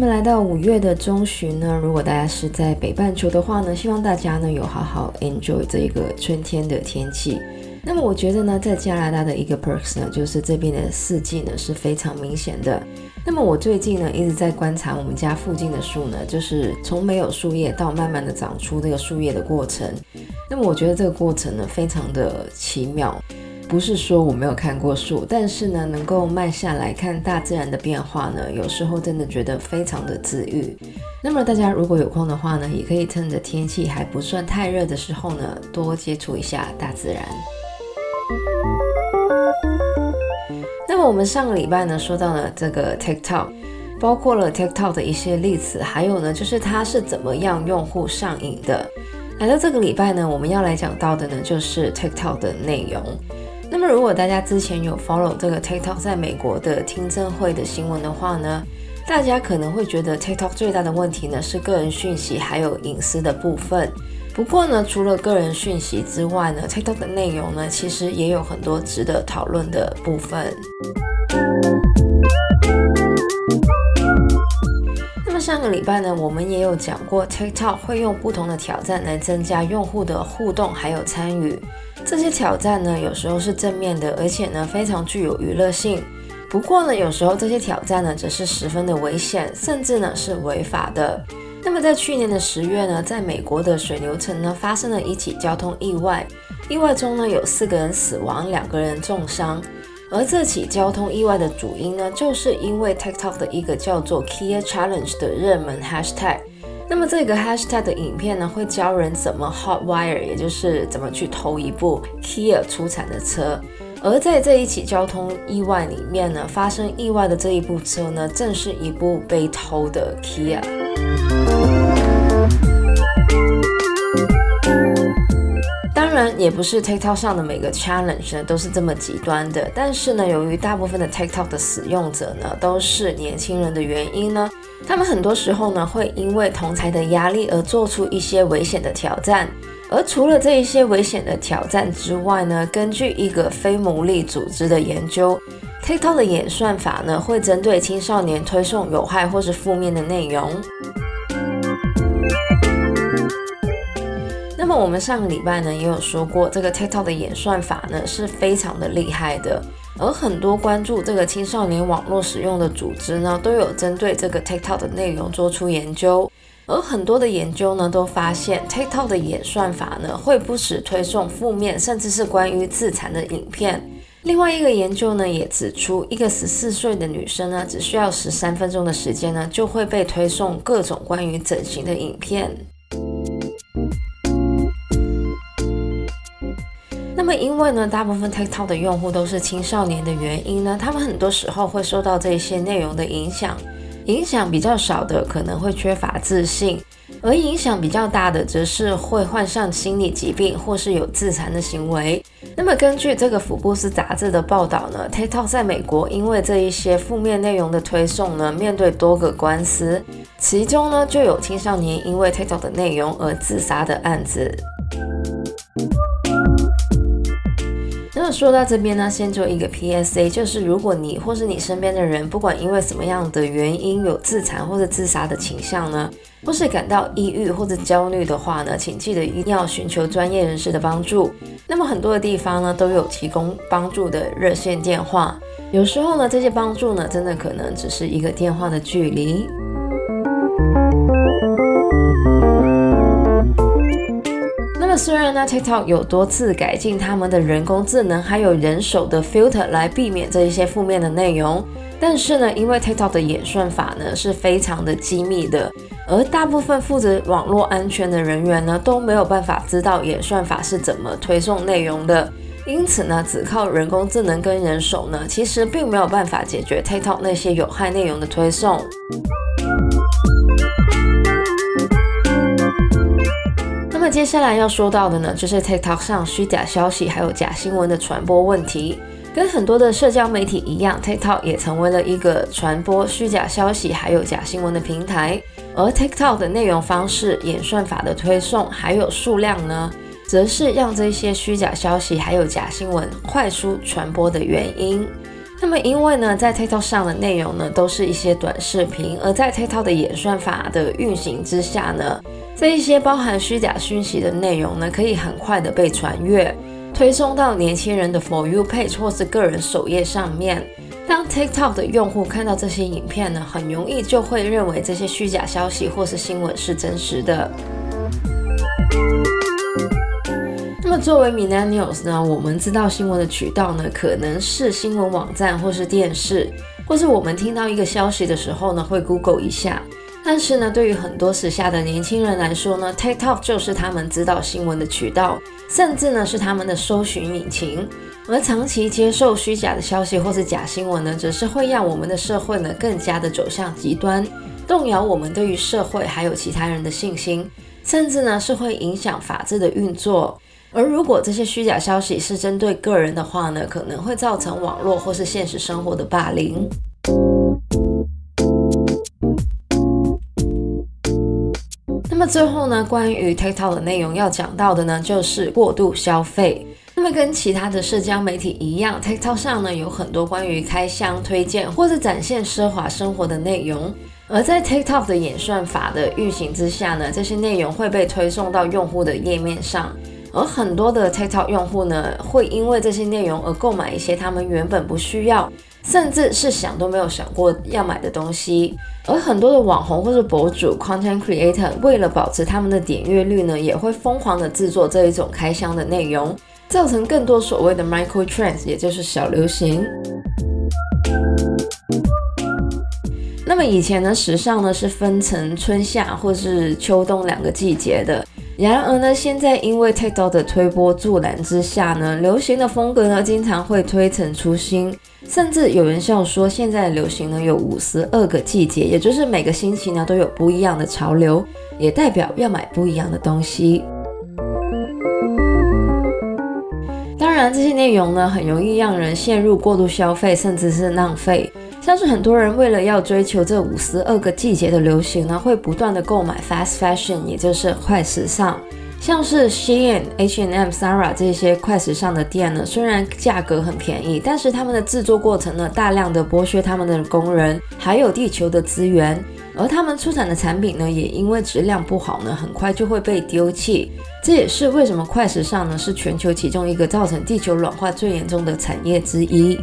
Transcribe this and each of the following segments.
那麼來到五月的中旬呢，如果大家是在北半球的話呢，希望大家呢有好好 enjoy 這個春天的天氣。那麼我覺得呢，在加拿大的一個 perks 呢，就是這邊的四季呢是非常明顯的。那麼我最近呢一直在觀察我們家附近的樹呢，就是從沒有樹葉到慢慢的長出這個樹葉的過程。那麼我覺得這個過程呢非常的奇妙。不是說我沒有看過樹，但是呢，能夠慢下來看大自然的變化呢，有時候真的覺得非常的治癒。那麼大家如果有空的話呢，也可以趁着天氣還不算太熱的時候呢，多接觸一下大自然。那麼我們上個禮拜呢，說到了這個 TikTok，包括了 TikTok 的一些例子，還有呢，就是它是怎麼樣讓用戶上癮的。來到這個禮拜呢，我們要來講到的呢，就是 TikTok 的內容。那麼，如果大家之前有 follow 這個 TikTok 在美國的聽證會的新聞的話呢，大家可能會覺得 TikTok 最大的問題呢是個人訊息還有隱私的部分。不過呢，除了個人訊息之外呢，TikTok 的內容呢其實也有很多值得討論的部分。那麼上個禮拜呢，我們也有講過 TikTok 會用不同的挑戰來增加用戶的互動還有參與。這些挑戰呢，有時候是正面的，而且呢非常具有娛樂性。不過呢，有時候這些挑戰呢，則是十分的危險，甚至呢是違法的。那麼在去年的十月呢，在美國的水牛城呢，發生了一起交通意外，意外中呢有四個人死亡，兩個人重傷。而這起交通意外的主因呢，就是因為 TikTok 的一個叫做 Kia Challenge 的熱門 Hashtag。那麼這個 hashtag 的影片呢，會教人怎麼 hot wire，也就是怎麼去偷一部 Kia 出產的車。而在這一起交通意外裡面呢，發生意外的這一部車呢，正是一部被偷的 Kia。當然，也不是 TikTok 上的每個 challenge 呢都是這麼極端的。但是呢，由於大部分的 TikTok 的使用者呢，都是年輕人的原因呢。他們很多時候呢，會因為同儕的壓力而做出一些危險的挑戰。而除了這一些危險的挑戰之外呢，根據一個非牟利組織的研究，TikTok 的演算法呢，會針對青少年推送有害或是負面的內容。我們上個禮拜呢也有說過，這個 TikTok 的演算法呢是非常的厲害的，而很多關注這個青少年網絡使用的組織呢，都有針對這個 TikTok 的內容做出研究，而很多的研究呢都發現 TikTok 的演算法呢會不時推送負面甚至是關於自殘的影片。另外一個研究呢也指出，一個十四歲的女生呢只需要十三分鐘的時間呢，就會被推送各種關於整形的影片。麼，因為呢，大部分 TikTok 的用戶都是青少年的原因呢，他們很多時候會受到這一些內容的影響，影響比較少的可能會缺乏自信，而影響比較大的則是會患上心理疾病或是有自殘的行為。那麼根據這個福布斯雜誌的報道呢，TikTok 在美國因為這一些負面內容的推送呢，面對多個官司，其中呢就有青少年因為 TikTok 的內容而自殺的案子。那說到這邊呢，先做一個 PSA，就是如果你或是你身邊的人，不管因為什麼樣的原因有自殘或者自殺的傾向呢，或是感到抑鬱或者焦慮的話呢，請記得一定要尋求專業人士的幫助。那麼很多的地方呢都有提供幫助的熱線電話，有時候呢這些幫助呢真的可能只是一個電話的距離。雖然呢，TikTok 有多次改進他們的人工智能還有人手的 filter 來避免這一些負面的內容，但是呢，因為 TikTok 的演算法呢是非常的機密的，而大部分負責網絡安全的人員呢都沒有辦法知道演算法是怎麼推送內容的，因此呢，只靠人工智能跟人手呢，其實並沒有辦法解決 TikTok 那些有害內容的推送。那接下來要說到的呢，就是 TikTok 上虛假消息還有假新聞的傳播問題。跟很多的社交媒體一樣，TikTok 也成為了一個傳播虛假消息還有假新聞的平台。而 TikTok 的內容方式、演算法的推送還有數量呢，則是讓這些虛假消息還有假新聞快速傳播的原因。那麼，因為呢，在 TikTok 上的內容呢，都是一些短視頻，而在 TikTok 的演算法的運行之下呢，這一些包含虛假訊息的內容呢，可以很快的被傳閱，推送到年輕人的 For You Page 或是個人首頁上面。當 TikTok 的用戶看到這些影片呢，很容易就會認為這些虛假消息或是新聞是真實的。 那麼作為 Millennials 呢，我們知道新聞的渠道呢，可能是新聞網站或是電視，或是我們聽到一個消息的時候呢，會 Google 一下。但是呢，對於很多時下的年輕人來說呢，TikTok 就是他們知道新聞的渠道，甚至呢是他們的搜尋引擎。而長期接受虛假的消息或是假新聞呢，則是會讓我們的社會呢更加的走向極端，動搖我們對於社會還有其他人的信心，甚至呢是會影響法治的運作。而如果這些虛假消息是針對個人的話呢，可能會造成網絡或是現實生活的霸凌。那麼最後呢，關於 TikTok 的內容要講到的呢，就是過度消費。那麼跟其他的社交媒體一樣，TikTok 上呢有很多關於開箱推薦或者展現奢華生活的內容，而在 TikTok 的演算法的運行之下呢，這些內容會被推送到用戶的頁面上，而很多的 TikTok 用戶呢會因為這些內容而購買一些他們原本不需要。甚至是想都沒有想過要買的東西，而很多的網紅或者博主 （content creator） 為了保持他們的點閱率呢，也會瘋狂的製作這一種開箱的內容，造成更多所謂的 micro trends，也就是小流行、嗯。那麼以前呢，時尚呢是分成春夏或是秋冬兩個季節的，然而呢，現在因為 TikTok 的推波助瀾之下呢，流行的風格呢經常會推陳出新。甚至有人笑說，現在流行呢有五十二個季節，也就是每個星期呢都有不一樣的潮流，也代表要買不一樣的東西。當然，這些內容呢很容易讓人陷入過度消費，甚至是浪費。像是很多人為了要追求這五十二個季節的流行呢，會不斷的購買 fast fashion，也就是快時尚。像是 Shein、H&M、Zara 這些快時尚的店呢，雖然價格很便宜，但是他們的制作過程呢，大量的剝削他們的工人，還有地球的資源，而他們出產的產品呢，也因為質量不好呢，很快就會被丟棄。這也是為什麼快時尚呢，是全球其中一個造成地球暖化最嚴重的產業之一。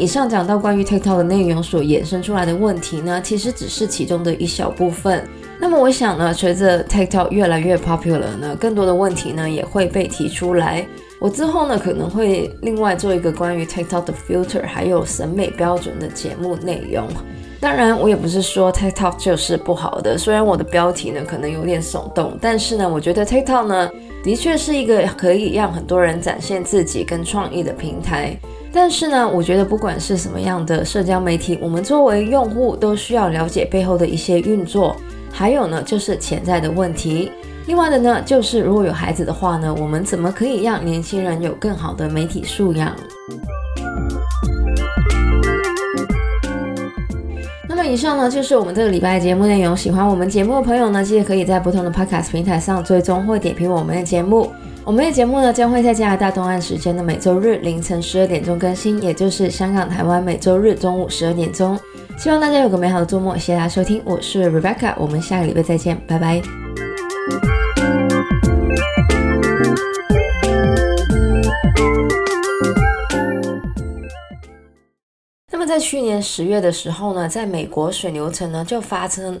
以上講到關於 TikTok 的內容所衍生出來的問題呢，其實只是其中的一小部分。那麼我想呢，隨着 TikTok 越來越 popular 呢，更多的問題呢也會被提出來。我之後呢可能會另外做一個關於 TikTok 的 filter，還有審美標準的節目內容。當然，我也不是說 TikTok 就是不好的，雖然我的標題呢可能有點聳動，但是呢，我覺得 TikTok 呢的確是一個可以讓很多人展現自己跟創意的平台。但是呢，我覺得不管是什麼樣的社交媒體，我們作為用戶都需要了解背後的一些運作，還有呢，就是潛在的問題。另外的呢，就是如果有孩子的話呢，我們怎麼可以讓年輕人有更好的媒體素養？那麼以上呢，就是我們這個禮拜的節目內容。喜歡我們節目的朋友呢，記得可以在不同的 Podcast 平台上追蹤或點評我們的節目。我們的節目呢，將會在加拿大東岸時間的每周日凌晨十二點鐘更新，也就是香港、台灣每周日中午十二點鐘。希望大家有個美好的周末，謝謝大家收聽，我是 Rebecca，我們下個禮拜再見，拜拜。那麼在去年十月的時候呢，在美國水牛城呢，就發生。